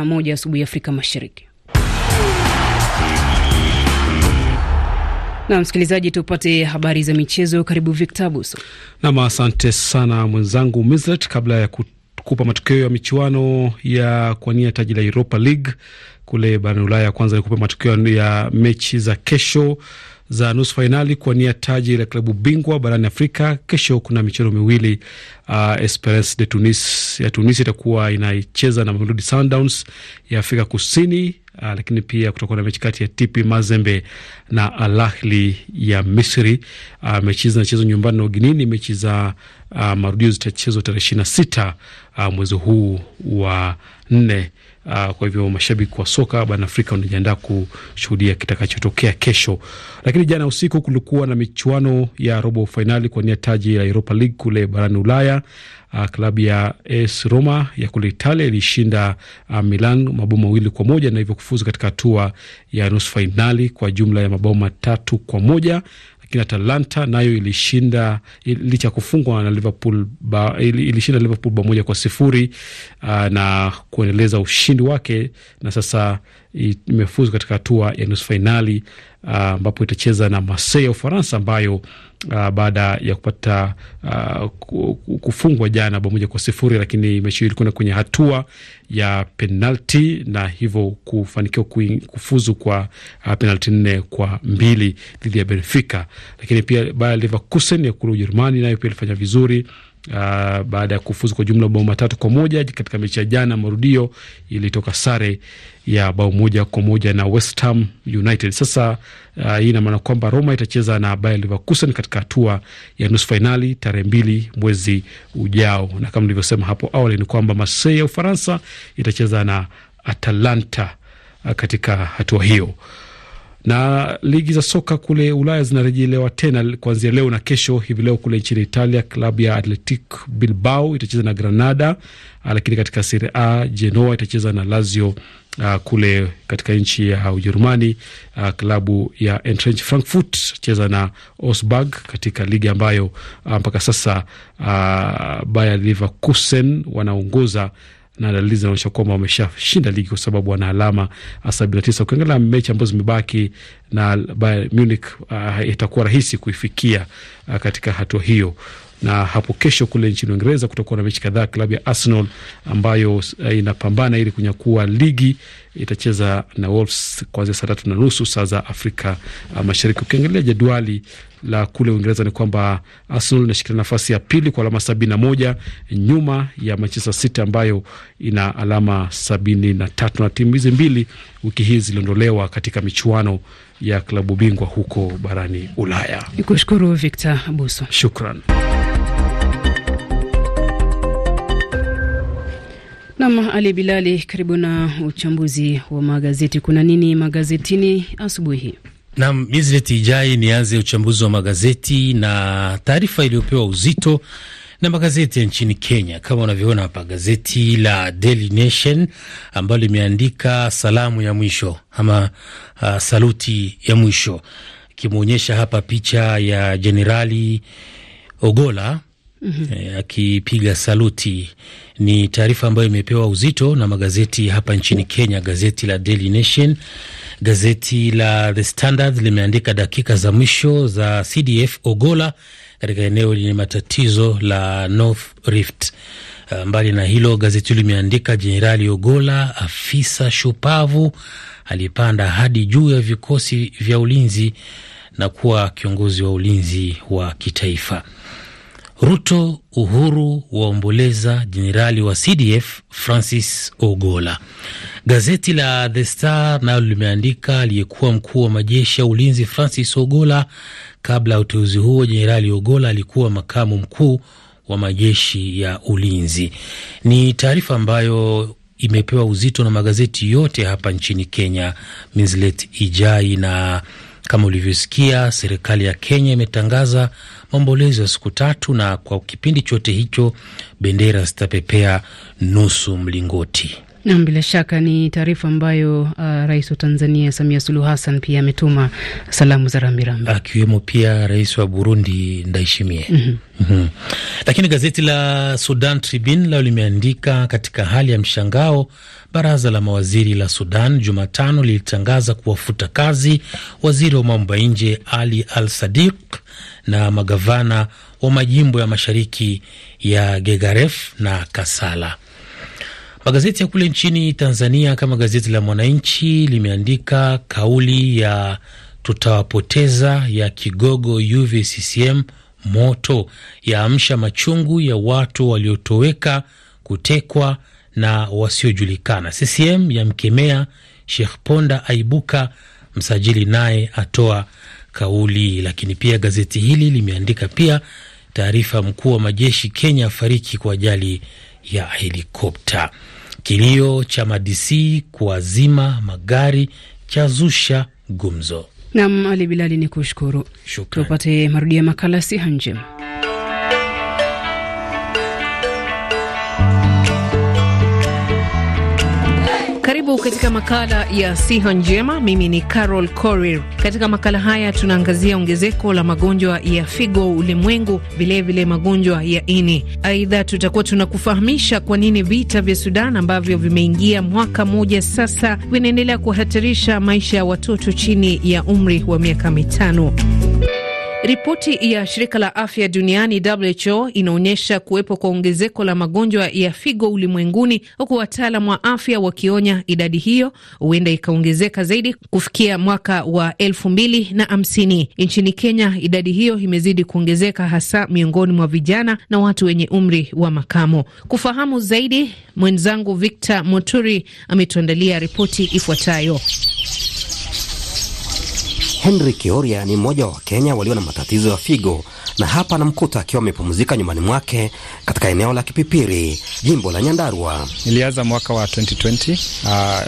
saa moja asubuhi Afrika Mashariki. Na msikilizaji, tupate habari za michezo. Karibu Victor Abuso. Nam, asante sana mwenzangu Mislet. Kabla ya kukupa matokeo ya michuano ya kuania taji la Europa League kule barani Ulaya, kwanza nikupe matokeo ya mechi za kesho za nusu fainali kuwania taji la klabu bingwa barani Afrika. Kesho kuna michezo miwili uh, Esperance de Tunis ya Tunis itakuwa inaicheza na Mamelodi Sundowns ya Afrika Kusini. Uh, lakini pia kutakuwa na mechi kati ya TP Mazembe na Al ya Misri. Uh, mechi hizi zinachezwa nyumbani na ugenini. Mechi za uh, marudio zitachezwa tarehe ishirini na sita uh, mwezi huu wa nne. Uh, kwa hivyo mashabiki wa soka barani Afrika wanajiandaa kushuhudia kitakachotokea kesho. Lakini jana usiku kulikuwa na michuano ya robo fainali kwa nia taji la Europa League kule barani Ulaya. Uh, klabu ya AS Roma ya kule Italia ilishinda uh, Milan mabao mawili kwa moja na hivyo kufuzu katika hatua ya nusu fainali kwa jumla ya mabao matatu kwa moja lakini Atalanta nayo ilishinda licha ya kufungwa na Liverpool ba, ilishinda Liverpool bao moja kwa sifuri uh, na kuendeleza ushindi wake na sasa imefuzu katika hatua ya nusu fainali Ah, ambapo uh, itacheza na Marseille ya Ufaransa ambayo uh, baada ya kupata uh, kufungwa jana bao moja kwa sifuri, lakini mechi ilikwenda kwenye hatua ya penalti na hivyo kufanikiwa kufuzu kwa uh, penalti nne kwa mbili dhidi ya Benfica. Lakini pia Bayer Leverkusen ya kule Ujerumani nayo pia ilifanya vizuri uh, baada ya kufuzu kwa jumla bao matatu kwa moja katika mechi ya jana marudio ilitoka sare ya bao moja kwa moja na West Ham United. Sasa uh, hii ina maana kwamba Roma itacheza na Bayer Leverkusen katika hatua ya nusu fainali tarehe mbili mwezi ujao, na kama nilivyosema hapo awali ni kwamba Marseille ya Ufaransa itacheza na Atalanta ah, katika hatua hiyo. Na ligi za soka kule Ulaya zinarejelewa tena kuanzia leo na kesho. Hivi leo kule nchini Italia, klabu ya atletic Bilbao itacheza na Granada, ah, lakini katika Serie A Genoa itacheza na Lazio. Uh, kule katika nchi ya Ujerumani uh, klabu ya Eintracht Frankfurt cheza na osburg katika ligi ambayo mpaka sasa uh, Bayer Leverkusen wanaongoza na dalili zinaonyesha kwamba wameshashinda ligi kwa sababu wana alama 79. Ah, Ukiangalia mechi ambazo zimebaki na Bayern Munich, uh, itakuwa rahisi kuifikia uh, katika hatua hiyo na hapo kesho kule nchini Uingereza kutakuwa na mechi kadhaa. Klabu ya Arsenal ambayo eh, inapambana ili kunyakua ligi itacheza na Wolves kuanzia saa tatu na nusu saa za Afrika Mashariki. Ukiangalia jedwali la kule Uingereza ni kwamba Arsenal inashikilia nafasi ya pili kwa alama sabini na moja nyuma ya Manchester City ambayo ina alama sabini na tatu na timu hizi mbili wiki hii ziliondolewa katika michuano ya klabu bingwa huko barani Ulaya. Nikushukuru Victor Buso, shukran. Nam Ali Bilali, karibu na uchambuzi wa magazeti. Kuna nini magazetini asubuhi hii? na miezi ijai nianze uchambuzi wa magazeti na taarifa iliyopewa uzito na magazeti ya nchini Kenya. Kama unavyoona hapa, gazeti la Daily Nation ambalo limeandika salamu ya mwisho ama uh, saluti ya mwisho, ikimwonyesha hapa picha ya Jenerali Ogola Mm -hmm. Akipiga saluti. Ni taarifa ambayo imepewa uzito na magazeti hapa nchini Kenya, gazeti la Daily Nation Gazeti la The Standard limeandika dakika za mwisho za CDF Ogola katika eneo lenye matatizo la North Rift. Uh, mbali na hilo, gazeti limeandika Jenerali Ogola, afisa shupavu alipanda hadi juu ya vikosi vya ulinzi na kuwa kiongozi wa ulinzi wa kitaifa. Ruto, Uhuru waomboleza jenerali wa CDF Francis Ogola. Gazeti la The Star nalo limeandika aliyekuwa mkuu wa majeshi ya ulinzi Francis Ogola. Kabla ya uteuzi huo, Jenerali Ogola alikuwa makamu mkuu wa majeshi ya ulinzi. Ni taarifa ambayo imepewa uzito na magazeti yote hapa nchini Kenya. Minslet Ijai, na kama ulivyosikia, serikali ya Kenya imetangaza maombolezo ya siku tatu, na kwa kipindi chote hicho bendera zitapepea nusu mlingoti. Nam, bila shaka ni taarifa ambayo uh, rais wa Tanzania Samia Suluhu Hassan pia ametuma salamu za rambirambi, akiwemo pia rais wa Burundi Ndayishimiye. mm -hmm. mm -hmm. Lakini gazeti la Sudan Tribune lao limeandika katika hali ya mshangao, baraza la mawaziri la Sudan Jumatano lilitangaza kuwafuta kazi waziri wa mambo ya nje Ali Al Sadiq na magavana wa majimbo ya mashariki ya Gegaref na Kasala. Magazeti ya kule nchini Tanzania kama gazeti la Mwananchi limeandika kauli ya tutawapoteza ya kigogo UVCCM moto yaamsha machungu ya watu waliotoweka, kutekwa na wasiojulikana. CCM yamkemea Sheikh Ponda, aibuka msajili naye atoa kauli. Lakini pia gazeti hili limeandika pia taarifa, mkuu wa majeshi Kenya afariki kwa ajali ya helikopta. Kilio cha madisi kuwazima magari chazusha gumzo. Nam Ali Bilali ni kushukuru. Tupate marudio ya makala siha njema. Karibu katika makala ya siha njema. Mimi ni Carol Corir. Katika makala haya tunaangazia ongezeko la magonjwa ya figo ulimwengu, vilevile magonjwa ya ini. Aidha, tutakuwa tunakufahamisha kwa nini vita vya Sudan ambavyo vimeingia mwaka mmoja sasa vinaendelea kuhatarisha maisha ya watoto chini ya umri wa miaka mitano. Ripoti ya shirika la afya duniani WHO inaonyesha kuwepo kwa ongezeko la magonjwa ya figo ulimwenguni, huku wataalam wa afya wakionya idadi hiyo huenda ikaongezeka zaidi kufikia mwaka wa elfu mbili na hamsini. Nchini Kenya, idadi hiyo imezidi kuongezeka hasa miongoni mwa vijana na watu wenye umri wa makamo. Kufahamu zaidi, mwenzangu Victor Moturi ametuandalia ripoti ifuatayo. Henry Kioria ni mmoja wa kenya walio na matatizo ya figo na hapa anamkuta akiwa amepumzika nyumbani mwake katika eneo la Kipipiri, jimbo la Nyandarua. Nilianza mwaka wa 2020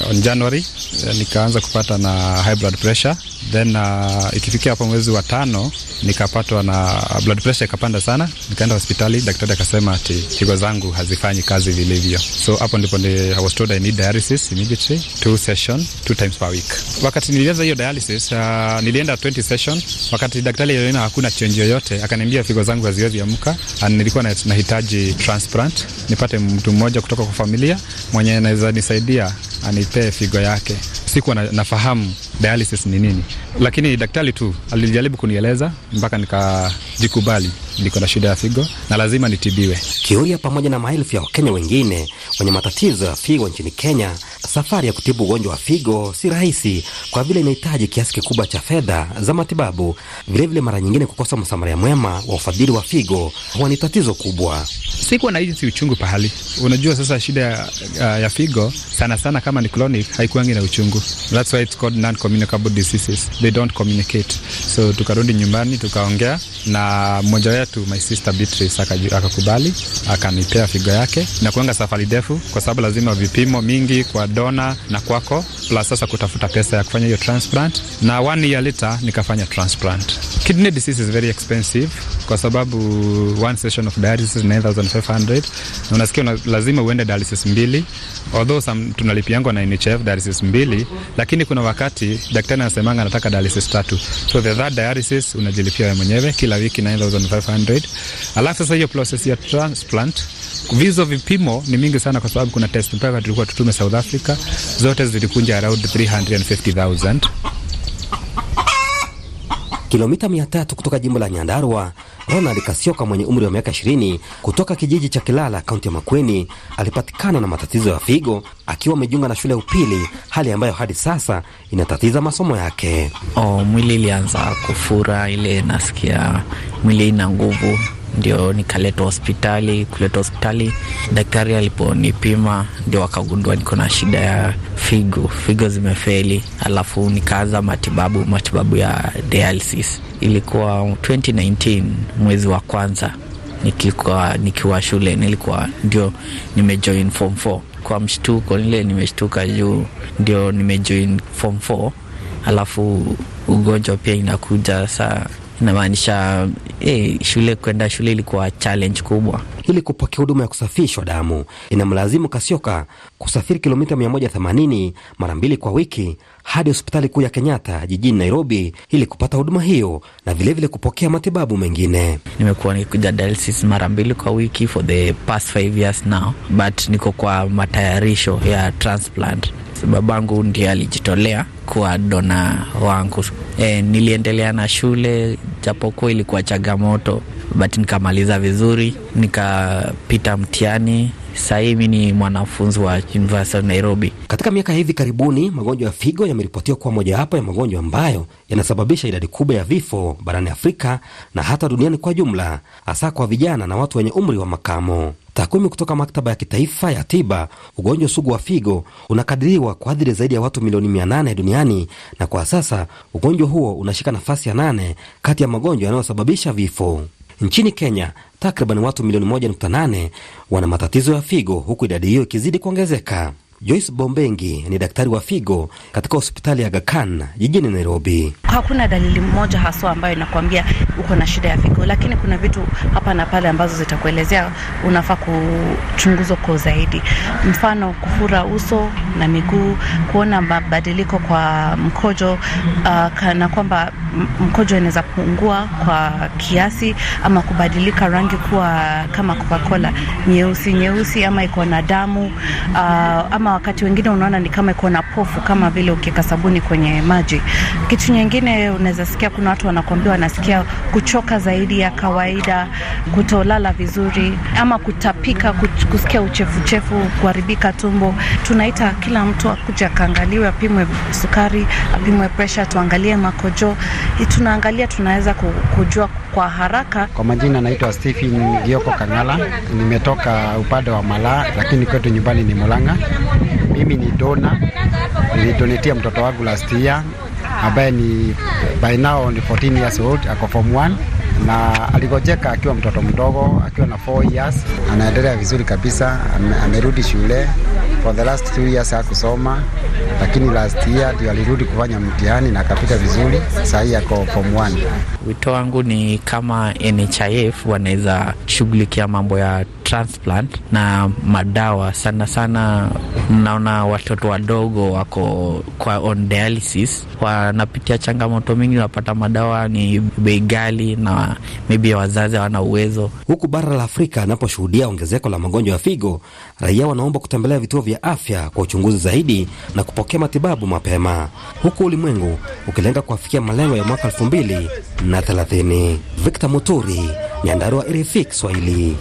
uh, on January eh, nikaanza kupata na high blood pressure then uh, ikifikia hapo mwezi wa tano nikapatwa na blood pressure ikapanda sana, nikaenda hospitali, daktari akasema ati figo zangu hazifanyi kazi vilivyo, so hapo ndipo I was told I need dialysis immediately, two session, two times per week. Wakati nilianza hiyo dialysis uh, nilienda 20 session, wakati daktari aliona hakuna change yoyote akani akaniambia figo zangu haziwezi amka, nilikuwa nahitaji transplant, nipate mtu mmoja kutoka kwa familia mwenye anaweza nisaidia anipee figo yake sikuwa na, nafahamu dialysis ni nini, lakini daktari tu alijaribu kunieleza mpaka nikajikubali niko na shida ya figo na lazima nitibiwe. Kiuria pamoja na maelfu ya Wakenya wengine wenye matatizo ya figo nchini Kenya, safari ya kutibu ugonjwa wa figo si rahisi, kwa vile inahitaji kiasi kikubwa cha fedha za matibabu. Vilevile vile mara nyingine kukosa msamaria mwema wa ufadhili wa figo huwa ni tatizo kubwa. Sikuwa na hisi uchungu pahali. Unajua sasa shida ya, ya figo sana sana kama ni chronic haikuangi na uchungu That's why it's called non-communicable diseases. They don't communicate. So tukarudi nyumbani tukaongea na mmoja wetu, my sister Beatrice akakubali, akanipea figo yake. Inakuanga safari ndefu, kwa sababu lazima vipimo mingi kwa dona na kwako, plus sasa kutafuta pesa ya kufanya hiyo transplant, na one year later nikafanya transplant. Kidney disease is very expensive kwa sababu one session of dialysis is 9500 na unasikia una, lazima uende dialysis mbili, although some tunalipiangwa na NHF dialysis mbili, lakini kuna wakati daktari anasemanga anataka dialysis tatu, so the third dialysis unajilipia wewe mwenyewe kila wiki 9500. Alafu sasa hiyo process ya transplant vizo vipimo ni mingi sana, kwa sababu kuna test mpaka tulikuwa tutume South Africa, zote zilikunja around 350000 kilomita 300 kutoka jimbo la Nyandarua. Ronald Kasioka mwenye umri wa miaka 20 kutoka kijiji cha Kilala, kaunti ya Makueni, alipatikana na matatizo ya figo akiwa amejiunga na shule ya upili, hali ambayo hadi sasa inatatiza masomo yake. Oh, mwili ilianza kufura, ile nasikia mwili ina nguvu ndio nikaletwa hospitali. Kuletwa hospitali, daktari aliponipima ndio wakagundua niko na shida ya figo, figo zimefeli. Alafu nikaanza matibabu, matibabu ya dialysis. Ilikuwa 2019 mwezi wa kwanza nikikuwa, nikiwa shule nilikuwa ndio nimejoin form 4 kwa mshtuko nile nimeshtuka juu ndio nimejoin form 4 alafu ugonjwa pia inakuja saa inamaanisha eh, shule kwenda shule ilikuwa challenge kubwa. Ili kupokea huduma ya kusafishwa damu inamlazimu Kasioka kusafiri kilomita 180 mara mbili kwa wiki hadi hospitali kuu ya Kenyatta jijini Nairobi ili kupata huduma hiyo na vilevile vile kupokea matibabu mengine. Nimekuwa nikikuja dialysis mara mbili kwa wiki for the past five years now, but niko kwa matayarisho ya transplant. Babangu ndiye alijitolea nilikuwa dona wangu. E, niliendelea na shule japokuwa ilikuwa changamoto, but nikamaliza vizuri, nikapita mtihani. sahii mi ni mwanafunzi wa University of Nairobi. Katika miaka ya hivi karibuni, magonjwa ya figo yameripotiwa kuwa mojawapo ya magonjwa ambayo yanasababisha idadi kubwa ya vifo barani Afrika na hata duniani kwa jumla, hasa kwa vijana na watu wenye umri wa makamo. Takwimu kutoka maktaba ya kitaifa ya tiba, ugonjwa sugu wa figo unakadiriwa kuathiri zaidi ya watu milioni mia nane duniani, na kwa sasa ugonjwa huo unashika nafasi ya nane kati ya magonjwa yanayosababisha vifo. Nchini Kenya, takriban watu milioni 1.8 wana matatizo ya figo, huku idadi hiyo ikizidi kuongezeka. Joyce Bombengi ni daktari wa figo katika hospitali ya Gakan jijini Nairobi. Hakuna dalili moja haswa ambayo inakwambia uko na shida ya figo, lakini kuna vitu hapa na pale ambazo zitakuelezea unafaa kuchunguzwa kwa zaidi, mfano kufura uso na miguu, kuona mabadiliko kwa mkojo uh, ah, kana kwamba mkojo inaweza pungua kwa kiasi ama kubadilika rangi kuwa kama Coca-Cola nyeusi nyeusi, ama iko na damu uh, ama wakati wengine unaona ni kama iko na pofu, kama vile ukiweka sabuni kwenye maji. Kitu nyingine unaweza sikia, kuna watu wanakuambia wanasikia kuchoka zaidi ya kawaida, kutolala vizuri, ama kutapika, kusikia uchefuchefu, kuharibika tumbo. Tunaita kila mtu akuja akaangaliwe, apimwe sukari, apimwe presha, tuangalie makojo. Tunaangalia tunaweza kujua kwa haraka. Kwa majina naitwa Stephen Gioko Kangala, nimetoka upande wa Mala, lakini kwetu nyumbani ni Mulanga. Mimi ni dona, nilidonetia mtoto wangu last year ambaye ni by now ni 14 years old, ako form 1 na aligojeka akiwa mtoto mdogo, akiwa na 4 years, anaendelea vizuri kabisa, amerudi shule for the last two years hakusoma, lakini last year ndio alirudi kufanya mtihani na akapita vizuri, Sasa hii ako form 1. Wito wangu ni kama NHIF wanaweza shughulikia mambo ya transplant na madawa sana sana. Naona watoto wadogo wako kwa on dialysis wanapitia changamoto mingi, wanapata madawa ni bei ghali, na maybe wazazi hawana uwezo. Huku bara la Afrika anaposhuhudia ongezeko la magonjwa ya figo, raia wanaomba kutembelea vituo vya vya afya kwa uchunguzi zaidi na kupokea matibabu mapema, huku ulimwengu ukilenga kuafikia malengo ya mwaka 2030. Victor Muturi, Nyandarua, RFI Kiswahili.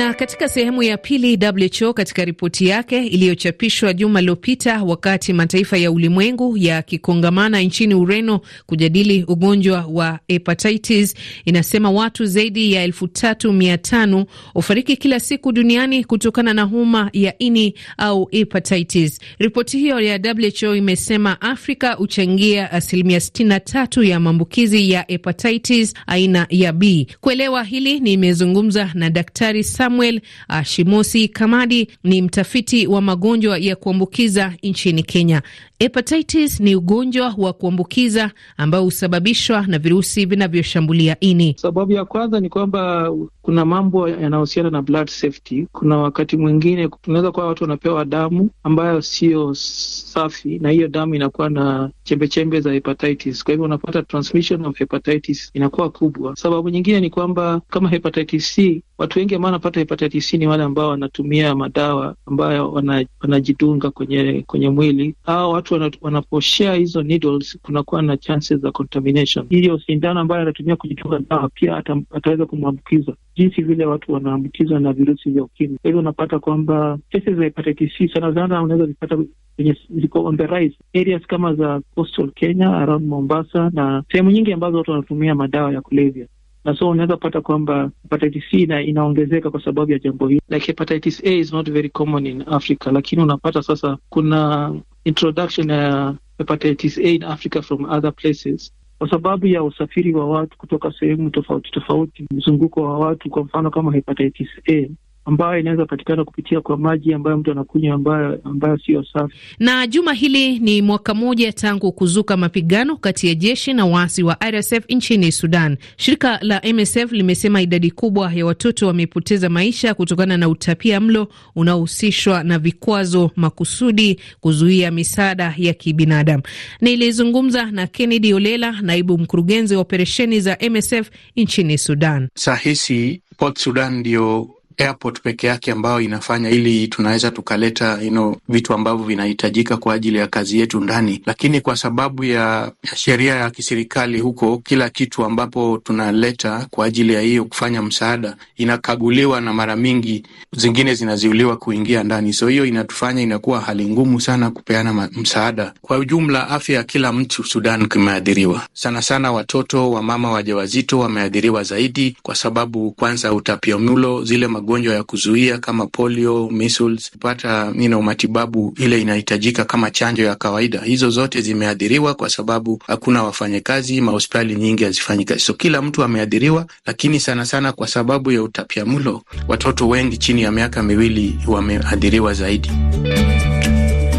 Na katika sehemu ya pili, WHO katika ripoti yake iliyochapishwa juma lililopita, wakati mataifa ya ulimwengu yakikongamana nchini Ureno kujadili ugonjwa wa hepatitis, inasema watu zaidi ya elfu tatu mia tano hufariki kila siku duniani kutokana na homa ya ini au hepatitis. Ripoti hiyo ya WHO imesema Afrika huchangia asilimia tatu ya maambukizi ya hepatitis aina ya B. Kuelewa hili nimezungumza na Daktari Sam Samuel Ashimosi ah, Kamadi ni mtafiti wa magonjwa ya kuambukiza nchini Kenya. Hepatitis ni ugonjwa wa kuambukiza ambao husababishwa na virusi vinavyoshambulia ini. Sababu ya kwanza ni kwamba kuna mambo yanahusiana na blood safety. Kuna wakati mwingine unaweza kuwa watu wanapewa damu ambayo sio safi, na hiyo damu inakuwa na chembechembe za hepatitis. Kwa hivyo unapata transmission of hepatitis inakuwa kubwa. Sababu nyingine ni kwamba kama hepatitis C Watu wengi ambao wanapata hepatitis ni wale ambao wanatumia madawa ambayo wanajidunga kwenye kwenye mwili. Hao watu wanaposhea hizo needles, kunakuwa na chances za contamination. Hiyo sindano ambayo anatumia kujidunga dawa pia ata, ataweza kumwambukiza jinsi vile watu wanaambukizwa na virusi vya ukimwi. Kwa hivyo unapata kwamba kesi za hepatitis C sana sana unaweza zipata kwenye ziko on the rise areas kama za coastal Kenya around Mombasa na sehemu nyingi ambazo watu wanatumia madawa ya kulevya na so unaweza pata kwamba hepatitis C na inaongezeka kwa sababu ya jambo hili. Like hepatitis A is not very common in Africa, lakini unapata sasa kuna introduction ya hepatitis A in Africa from other places kwa sababu ya usafiri wa watu kutoka sehemu tofauti tofauti, mzunguko wa watu, kwa mfano kama hepatitis A ambayo inaweza patikana kupitia kwa maji ambayo mtu anakunywa ambayo, ambayo siyo safi. Na juma hili ni mwaka mmoja tangu kuzuka mapigano kati ya jeshi na waasi wa RSF nchini Sudan. Shirika la MSF limesema idadi kubwa ya watoto wamepoteza maisha kutokana na utapia mlo unaohusishwa na vikwazo makusudi kuzuia misaada ya kibinadamu. Nilizungumza na Kennedy Olela, naibu mkurugenzi wa operesheni za MSF nchini Sudan. Sahisi Port Sudan ndio airport peke yake ambayo inafanya ili tunaweza tukaleta you know, vitu ambavyo vinahitajika kwa ajili ya kazi yetu ndani, lakini kwa sababu ya, ya sheria ya kiserikali huko, kila kitu ambapo tunaleta kwa ajili ya hiyo kufanya msaada inakaguliwa na mara mingi zingine zinaziuliwa kuingia ndani, so hiyo inatufanya inakuwa hali ngumu sana kupeana msaada. Kwa ujumla, afya ya kila mtu Sudan kimeathiriwa sana sana, watoto, wamama wajawazito wameathiriwa zaidi, kwa sababu kwanza utapiamlo, zile magu magonjwa ya kuzuia kama polio, measles, kupata you know, matibabu ile inahitajika kama chanjo ya kawaida. Hizo zote zimeathiriwa kwa sababu hakuna wafanyakazi, mahospitali nyingi hazifanyi kazi, so kila mtu ameathiriwa, lakini sana sana kwa sababu ya utapiamlo, watoto wengi chini ya miaka miwili wameathiriwa zaidi.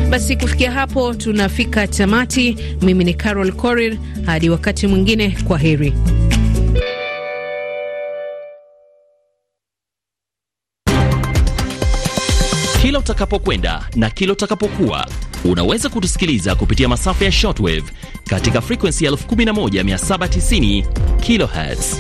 Basi kufikia hapo tunafika tamati. Mimi ni Carol Korir, hadi wakati mwingine, kwa heri. utakapokwenda na kila utakapokuwa. Unaweza kutusikiliza kupitia masafa ya shortwave katika frequency 11790 kilohertz.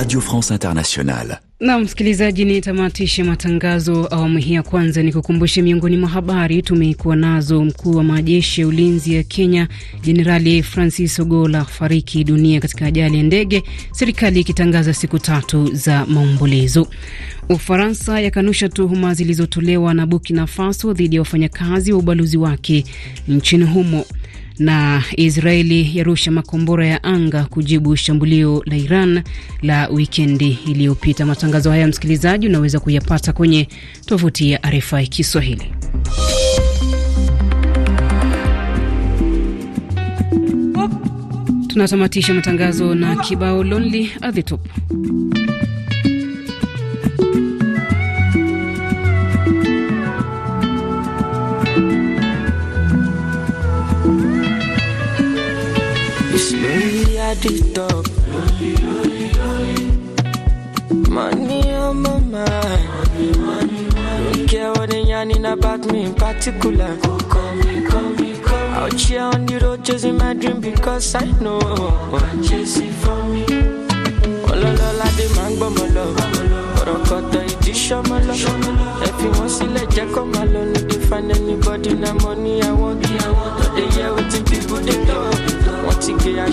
Radio France Internationale. Na msikilizaji, ni tamatishe matangazo awamu hii ya kwanza, ni kukumbushe miongoni mwa habari tumekuwa nazo. Mkuu wa majeshi ya ulinzi ya Kenya Jenerali Francis Ogola fariki dunia katika ajali ya ndege, serikali ikitangaza siku tatu za maombolezo. Ufaransa yakanusha tuhuma zilizotolewa na Burkina Faso dhidi ya wafanyakazi wa ubalozi wake nchini humo. Na Israeli yarusha makombora ya anga kujibu shambulio la Iran la wikendi iliyopita. Matangazo haya, msikilizaji, unaweza kuyapata kwenye tovuti ya RFI Kiswahili. Tunatamatisha matangazo na kibao Lonely at the Top. at the top. Money on my mind. Don't care what they about me in particular. Oh, call me, call me, call me. Out here on the road chasing my dream because I know. I'm Chasing for me.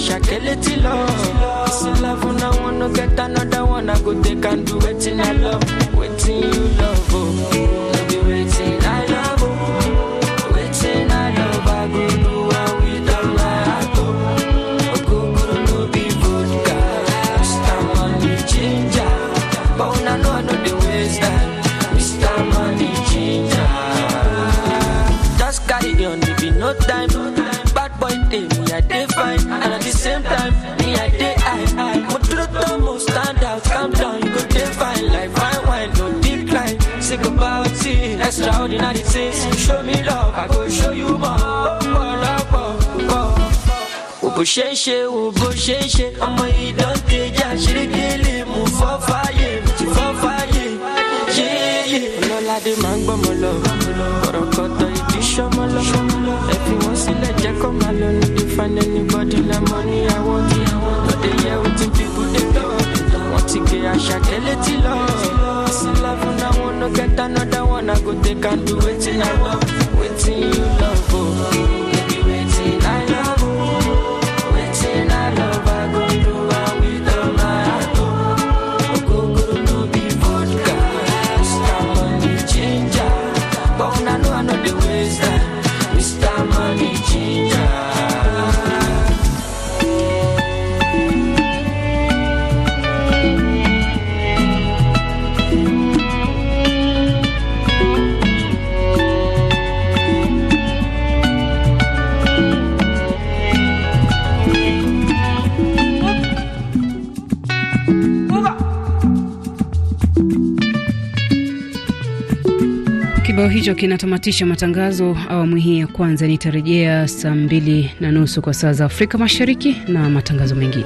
shackle it till love. This is love, and I want to get another one. I go take and do it I love, waiting you love. Oh, love you I love. Oh, waiting, I love. I go know how we my heart. Oh, go go no be vodka. Mr. Money ginger, but I know I know the ways that Mr. Money ginger. Just carry on, if you no time, bad boy thing same time, me I day I I. Motrotomo stand out, calm down, you go define life. Like fine wine, no decline. Say goodbye, tea, extraordinary things. Show me love, I go show you more. Oh, more, more, more. bó ṣe ń ṣe wò bó ṣe ń ṣe ọmọ ìdánté jà ṣírígìlì mú fọ́ fàyè tí fọ́ fàyè yéyé. ọlọ́ládé máa ń gbọ́mọ lọ ọ̀rọ̀ kọ́tọ̀ ìdí sọ́mọ lọ ẹ fi wọ́n sílẹ̀ jẹ́ kó máa lọ nídìí find anybody like money I want. But they hear within people they talk. Want to get a shot, a little love. I see love and I wanna get another one. I go take and do it till I love. Waiting you love, oh. kibao hicho kinatamatisha matangazo awamu hii ya kwanza. Nitarejea saa mbili na nusu kwa saa za Afrika Mashariki na matangazo mengine.